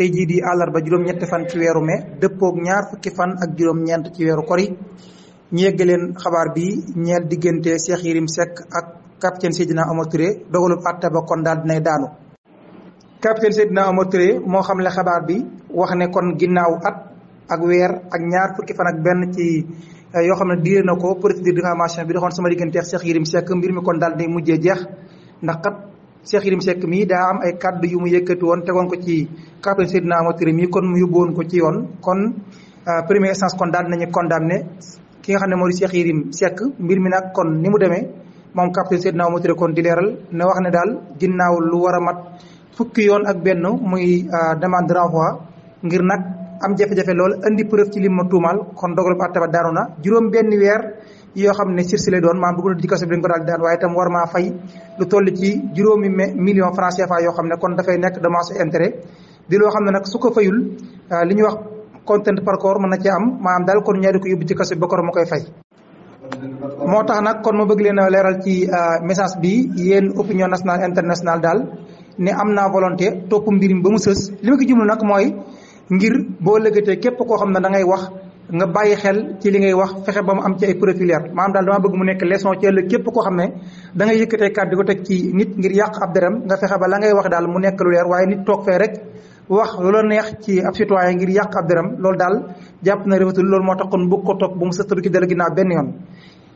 tey jii di àllarba juróom-ñetti fan ci weeru mai dëppoog ñaar fukki fan ak juróom-ñeent ci weeru kori ñu yegg leen xabaar bi ñeel diggante Cheikh Yérim Seck ak capitaine Seydina Omar Touré dogalub àtte ba kon daal dinay daanu. capitaine Seydina Omar Touré moo xam xamle xabaar bi wax ne kon ginnaaw at ak weer ak ñaar fukki fan ak benn ci eh, yoo xam ne diire na ko procédure diffamation bi doxoon sama diggante ak Cheikh Yérim Seck mbir mi kon daal dinay mujjee jeex ndax kat. Cheikh Yérim Seck mii daa am ay kaddu yu mu yëkkati woon tegoon ko ci kàttan Seydina Ahmad Tirmidhi kon mu yóbbu woon ko ci yoon kon euh, première instance kon daal nañu condamné ki nga xam ne moo di Cheikh Yérim Seck mbir mi nag kon ni mu demee moom kàttan Seydina Ahmad Tirmidhi kon di leeral ne wax ne daal ginnaaw lu war a mat fukki yoon ak benn muy euh, demande renvoi ngir nag am jafe-jafe lool indi preuve ci lim ma tuumaal kon dogal ba àtte ba juróom benn weer. yoo xam ne sursis lay doon maam bu ko doon ci kaso bi dañ ko daal di daan waaye itam war maa fay lu toll ci juróomi million franc CFA yoo xam ne kon dafay nekk dommages et intérêts di loo xam ne nag su ko fayul euh, li ñuy wax contrainte par corps mën na ci am maanaam daal kon ñaari ko yóbbu ci kaso bi ba kor ma koy fay. moo tax nag kon ma bëgg leen a leeral ci euh, message bi yéen opinion nationale international daal ne am naa volonté topp mbir mi ba mu sës li ma ko nag mooy ngir boo lëggatee képp koo xam ne da ngay wax. nga bàyyi xel ci li ngay wax fexe ba mu am ci ay preuve leer daal dama bëgg mu nekk leçon ci ëllëg képp koo xam ne da yëkk yëkkatee kàddu ko teg ci nit ngir yàq ab nga fexe ba la ngay wax daal mu nekk lu leer waaye nit toog fee rek wax lu la neex ci ab citoyen ngir yàq ab deram loolu daal jàpp na rafetul loolu moo taxoon bu ko toog bu mu sëttalu ci dala ginnaaw benn yoon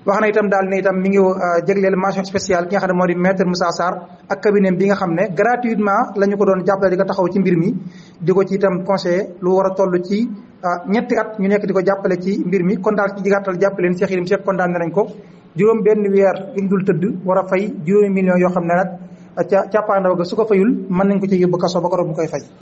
wax na itam daal ne itam mi ngi euh, jégleel mention spéciale ki nga xam ne moo di maître Moussa Sarr ak bi nga xam ne gratuitement la ñu ko doon jàppale di ko ci mbir mi di ko ci itam conseiller lu war a toll ci ah ñetti at ñu nekk di ko jàppale ci mbir mi kon daal ci gàttal jàppale leen Cheikh Yérim Seck condamné nañ ko juróom benn weer yuñ dul tëdd war a fay juróomi millions yoo xam ne nag ca cappaandaw ga su ko fayul mën nañ ko ci yóbbu kaso ba ko rob mu koy fay